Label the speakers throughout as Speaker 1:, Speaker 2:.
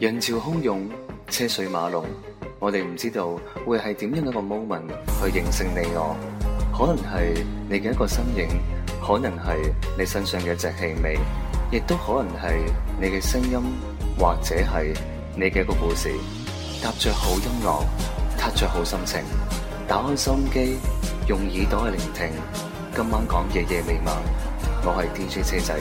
Speaker 1: 人潮洶湧，車水馬龍，我哋唔知道會係點樣一個 moment 去形成你我，可能係你嘅一個身影，可能係你身上嘅一隻氣味，亦都可能係你嘅聲音，或者係你嘅一個故事。搭着好音樂，踏着好心情，打開心機，用耳朵去聆聽。今晚講夜夜未晚，我係 DJ 車仔，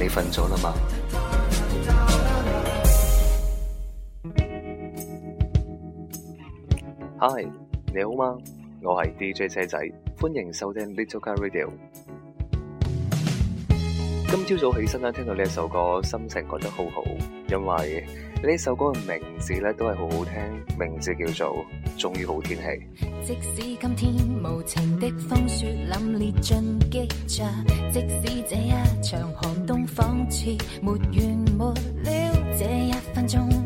Speaker 1: 你瞓咗啦嘛？嗨，你好嗎？我係 DJ 車仔，歡迎收聽 Little Car Radio。今朝早起身咧，聽到呢一首歌，心情覺得好好，因為呢首歌嘅名字咧都係好好聽，名字叫做《終於好天氣》。
Speaker 2: 即使今天無情的風雪凜冽進擊着，即使這一場寒冬仿似沒完沒了，這一分鐘。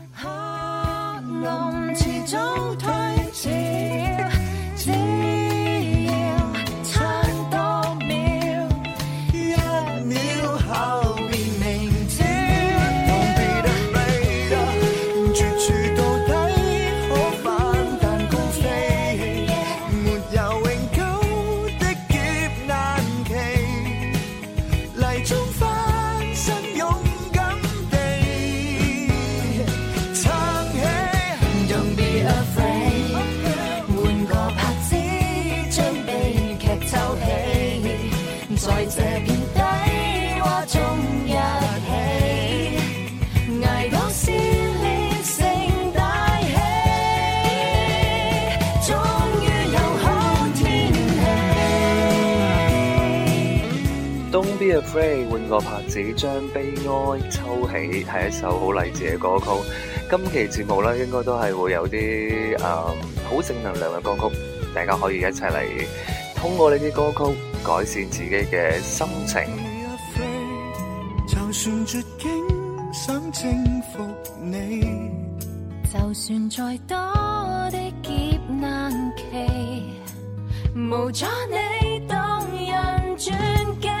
Speaker 2: 遲早推遲。
Speaker 1: Afraid 換個拍子，將悲哀抽起，係一首好勵志嘅歌曲。今期節目咧，應該都係會有啲誒好正能量嘅歌曲，大家可以一齊嚟通過呢啲歌曲改善自己嘅心情。Afraid，
Speaker 3: 就算
Speaker 2: 絕境想征服你，就算再多的劫難期，無阻你動人傳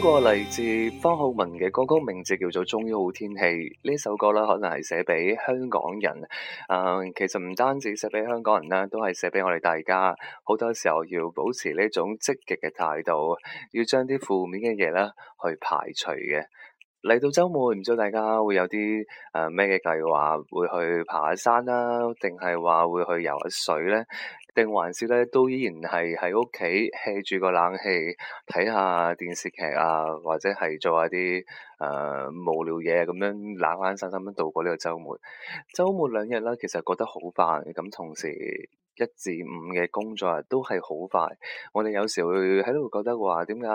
Speaker 1: 個嚟自方浩文嘅歌曲名字叫做《終於好天氣》呢首歌咧，可能係寫俾香港人，誒、呃，其實唔單止寫俾香港人啦，都係寫俾我哋大家。好多時候要保持呢種積極嘅態度，要將啲負面嘅嘢咧去排除嘅。嚟到周末，唔知大家會有啲誒咩嘅計劃，會去爬下山啦，定係話會去游下水呢？定還是咧，都依然係喺屋企 hea 住個冷氣，睇下電視劇啊，或者係做下啲誒無聊嘢咁、啊、樣，懶懶散散咁度過呢個週末。週末兩日啦，其實覺得好快。咁同時一至五嘅工作日都係好快。我哋有時會喺度覺得話，點解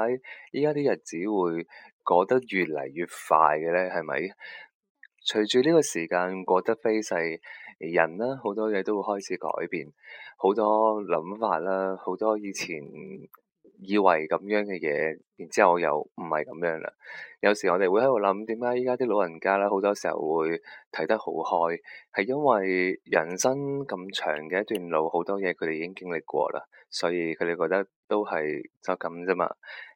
Speaker 1: 依家啲日子會過得越嚟越快嘅咧？係咪？隨住呢個時間過得飛逝，人呢，好多嘢都會開始改變，好多諗法啦，好多以前以為咁樣嘅嘢，然之後又唔係咁樣啦。有時我哋會喺度諗，點解而家啲老人家呢，好多時候會睇得好開，係因為人生咁長嘅一段路，好多嘢佢哋已經經歷過啦，所以佢哋覺得都係就咁啫嘛。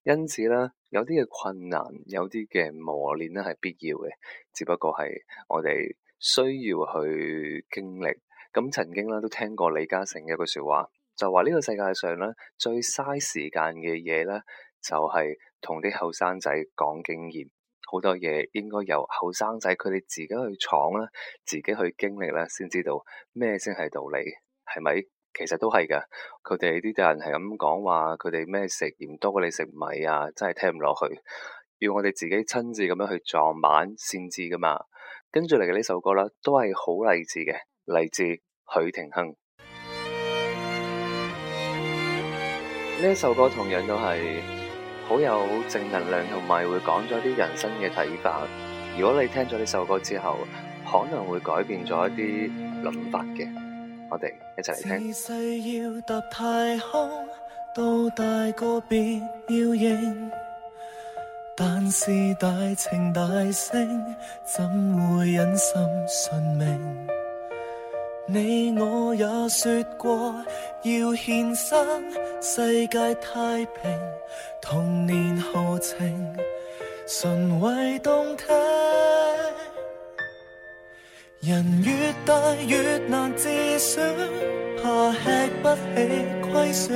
Speaker 1: 因此咧。有啲嘅困難，有啲嘅磨練咧係必要嘅，只不過係我哋需要去經歷。咁曾經啦都聽過李嘉誠嘅一句說話，就話呢個世界上咧最嘥時間嘅嘢咧，就係同啲後生仔講經驗。好多嘢應該由後生仔佢哋自己去闖啦，自己去經歷啦，先知道咩先係道理，係咪？其實都係嘅，佢哋啲人係咁講話，佢哋咩食鹽多過你食米啊，真係聽唔落去，要我哋自己親自咁樣去撞板先知噶嘛。跟住嚟嘅呢首歌啦，都係好勵志嘅，勵志，許廷鏗呢一首歌同樣都係好有正能量，同埋會講咗啲人生嘅睇法，如果你聽咗呢首歌之後，可能會改變咗一啲諗法嘅。我哋一齊嚟聽。
Speaker 3: 誓要踏太空，到大個別要應，但是大情大性，怎會忍心順命？你我也說過要獻身世界太平，童年豪情，純為動聽。人越大越難自選，怕吃不起虧損。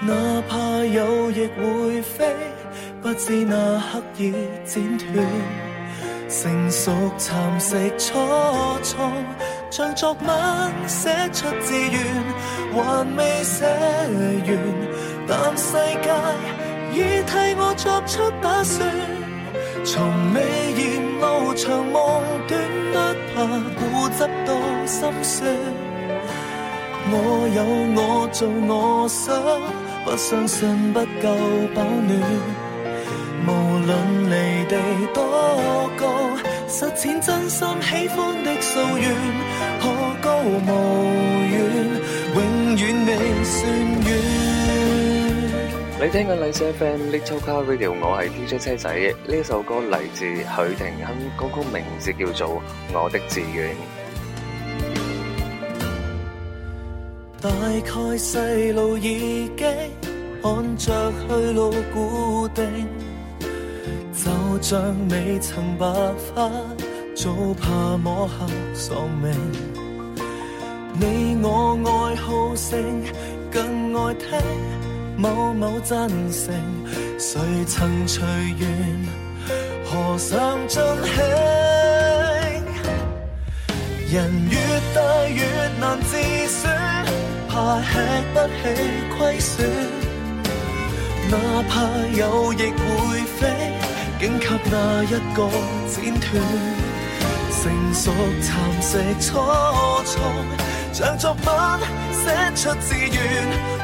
Speaker 3: 哪怕有翼會飛，不知那刻已剪斷。成熟蠶食初初，像昨晚寫出志願，還未寫完，但世界已替我作出打算。從未言路長夢短。固執到心酸，我有我做我，我想，不相信不夠保暖，無論離地多高，實踐真心喜歡的夙願，可高無遠，永遠未
Speaker 1: 算。你聽緊麗聲 band Little Car Radio，我係 DJ 車仔。呢首歌嚟自許廷鏗，歌曲名字叫做《我的志願》。
Speaker 2: 大
Speaker 3: 概細路已經看着去路固定，就像未曾白髮，早怕摸黑喪命。你我愛好聲，更愛聽。某某真誠，誰曾隨緣？何想盡興？人越大越難自選，怕吃不起虧損。哪怕有翼會飛，竟給那一個剪斷。成熟蠶食初衷，像作品寫出志願。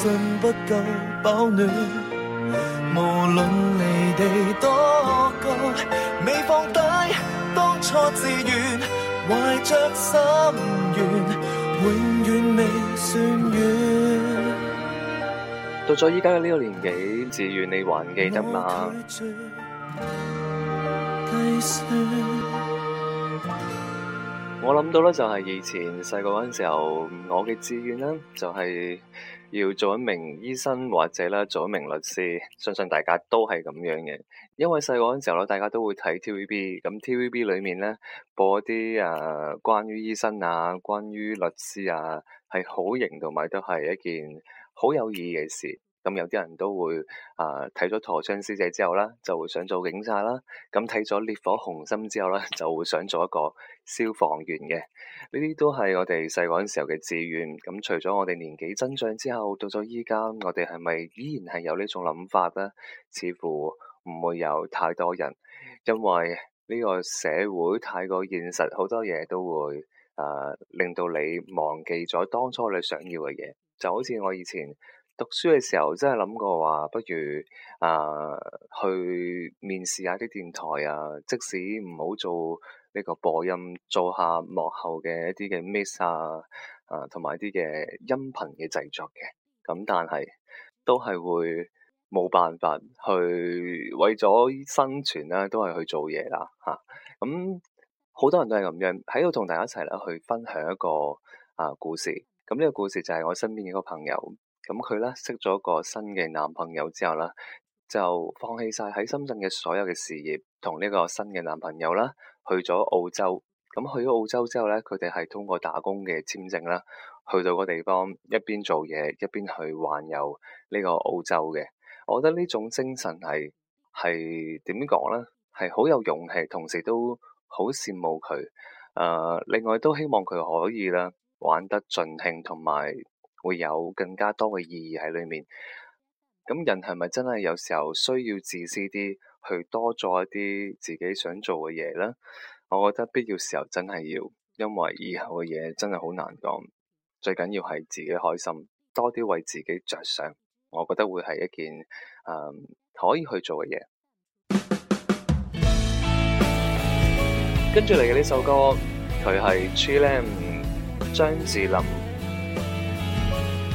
Speaker 3: 信不夠飽暖，無論離地多高，未放低。當初志願，懷着心願，永遠未算遠。
Speaker 1: 到咗而家嘅呢個年紀，志願你還記得嗎？我諗到咧就係以前細個嗰陣時候，我嘅志願咧就係、是、要做一名醫生或者咧做一名律師，相信大家都係咁樣嘅。因為細個嗰陣時候咧，大家都會睇 TVB，咁 TVB 裏面咧播啲誒、呃、關於醫生啊，關於律師啊，係好型同埋都係一件好有意義嘅事。咁有啲人都會啊睇咗呃、《陀槍師姐》之後啦，就會想做警察啦；咁睇咗《烈火雄心》之後啦，就會想做一個消防員嘅。呢啲都係我哋細個嗰陣時候嘅志願。咁除咗我哋年紀增長之後，到咗依家，我哋係咪依然係有種呢種諗法咧？似乎唔會有太多人，因為呢個社會太過現實，好多嘢都會誒、呃、令到你忘記咗當初你想要嘅嘢。就好似我以前。讀書嘅時候真係諗過話，不如啊去面試下啲電台啊，即使唔好做呢個播音，做下幕後嘅一啲嘅 miss 啊，啊同埋一啲嘅音頻嘅製作嘅，咁但係都係會冇辦法去為咗生存啦，都係去做嘢啦，吓，咁好多人都係咁樣。喺度同大家一齊啦去分享一個啊故事，咁呢個故事就係我身邊嘅一個朋友。咁佢咧識咗個新嘅男朋友之後咧，就放棄晒喺深圳嘅所有嘅事業，同呢個新嘅男朋友啦，去咗澳洲。咁去咗澳洲之後咧，佢哋係通過打工嘅簽證啦，去到個地方一邊做嘢一邊去環遊呢個澳洲嘅。我覺得呢種精神係係點講咧，係好有勇氣，同時都好羨慕佢。誒、呃，另外都希望佢可以咧玩得盡興，同埋。會有更加多嘅意義喺裏面。咁人係咪真係有時候需要自私啲，去多做一啲自己想做嘅嘢呢？我覺得必要時候真係要，因為以後嘅嘢真係好難講。最緊要係自己開心，多啲為自己着想，我覺得會係一件誒、um, 可以去做嘅嘢。跟住嚟嘅呢首歌，佢係 Chilam 張智霖。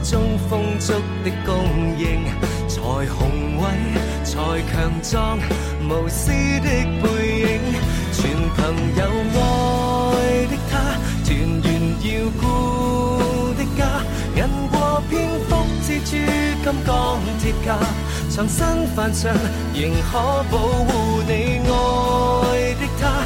Speaker 3: 中風速的供應，才宏偉，才強壯。無私的背影，全憑有愛的他，團圓要顧的家。人過蝙蝠蜘蛛金剛鐵甲，藏身凡塵，仍可保護你愛的他。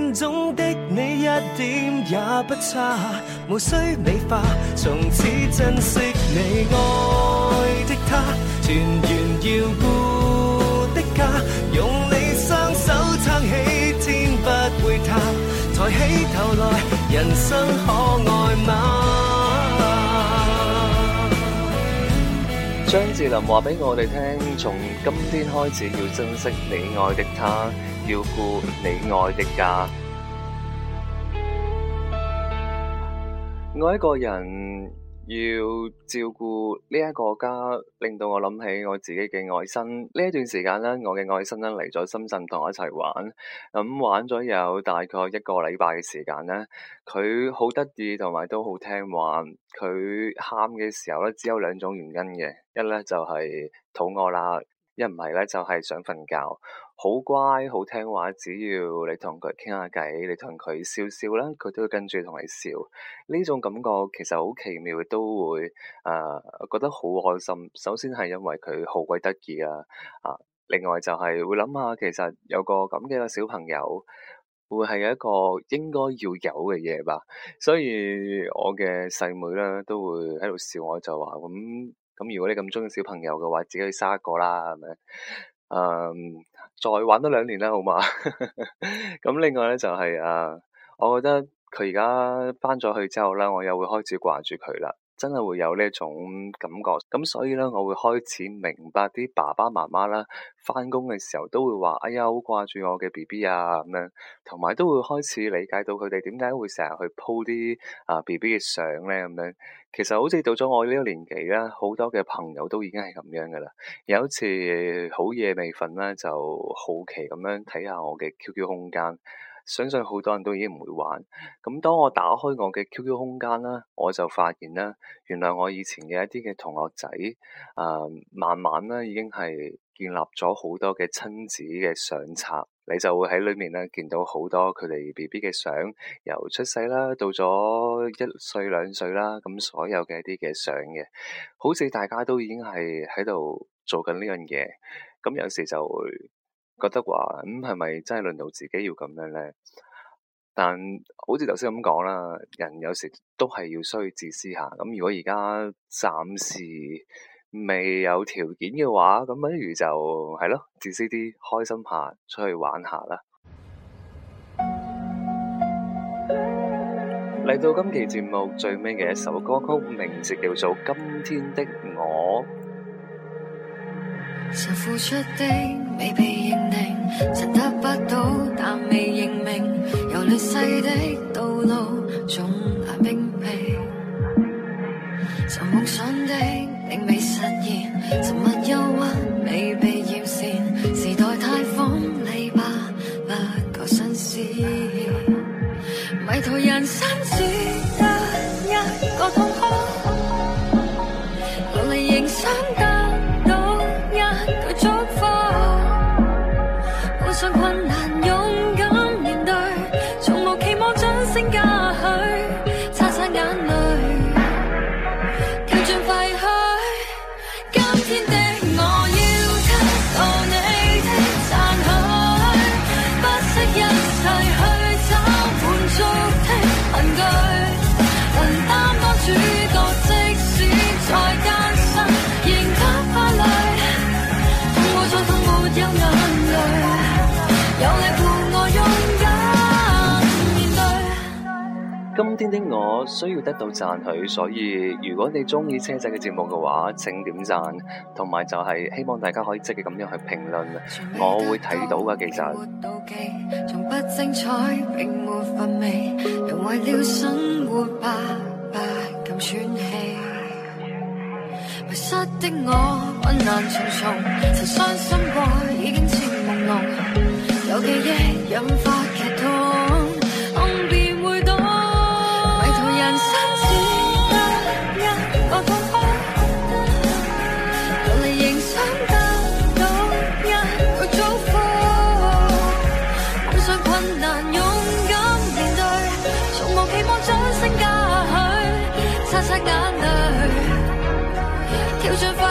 Speaker 3: 中的你一點也不差，無需美化，從此珍惜你愛的他，團圓要顧的家，用你雙手撐起天不會塌，抬起頭來，人生可
Speaker 1: 愛嗎？張智霖話畀我哋聽：從今天開始要珍惜你愛的他，要顧你愛的家。愛 一個人。要照顧呢一個家，令到我諗起我自己嘅外甥。呢一段時間呢，我嘅外甥呢，嚟咗深圳同我一齊玩，咁、嗯、玩咗有大概一個禮拜嘅時間呢，佢好得意同埋都好聽話。佢喊嘅時候呢，只有兩種原因嘅，一呢，就係、是、肚餓啦，一唔係呢，就係想瞓覺。好乖，好聽話，只要你同佢傾下偈，你同佢笑笑啦，佢都會跟住同你笑。呢種感覺其實好奇妙，都會誒、呃、覺得好開心。首先係因為佢好鬼得意啊，啊，另外就係會諗下，其實有個咁嘅小朋友，會係一個應該要有嘅嘢吧。所以我嘅細妹咧都會喺度笑我就，就話咁咁，如果你咁中意小朋友嘅話，自己去生一個啦，係咪？誒、嗯。再玩多兩年啦，好嘛？咁另外咧就係啊，我覺得佢而家返咗去之後咧，我又會開始掛住佢啦。真係會有呢一種感覺，咁所以咧，我會開始明白啲爸爸媽媽啦，翻工嘅時候都會話：哎呀，好掛住我嘅 BB 啊咁樣，同埋都會開始理解到佢哋點解會成日去鋪啲啊 BB 嘅相咧咁樣。其實好似到咗我呢個年紀咧，好多嘅朋友都已經係咁樣噶啦。有一次好夜未瞓咧，就好奇咁樣睇下我嘅 QQ 空間。相信好多人都已經唔會玩，咁當我打開我嘅 QQ 空間啦，我就發現啦，原來我以前嘅一啲嘅同學仔，誒、呃，慢慢咧已經係建立咗好多嘅親子嘅相冊，你就會喺裏面咧見到好多佢哋 BB 嘅相，由出世啦，到咗一歲兩歲啦，咁所有嘅一啲嘅相嘅，好似大家都已經係喺度做緊呢樣嘢，咁有時就會。覺得話咁係咪真係輪到自己要咁樣咧？但好似頭先咁講啦，人有時都係要需要自，自私下。咁如果而家暫時未有條件嘅話，咁不如就係咯，自私啲，開心下，出去玩下啦。嚟到今期節目最尾嘅一首歌曲，名字叫做《今天的我》。
Speaker 2: 曾付出的未被認定，曾得不到但未認命，由劣勢的道路總太冰冰。曾夢想的並未實現，沉默憂鬱未被。
Speaker 1: 先啲，我需要得到讚許，所以如果你中意車仔嘅節目嘅話，請點讚，同埋就係希望大家可以積極咁樣去評論，我會睇到嘅。其
Speaker 2: 實。掌聲，加許擦擦眼淚。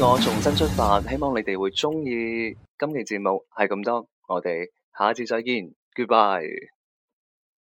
Speaker 1: 我重新出發，希望你哋會中意今期節目，係咁多，我哋下一次再見，Goodbye。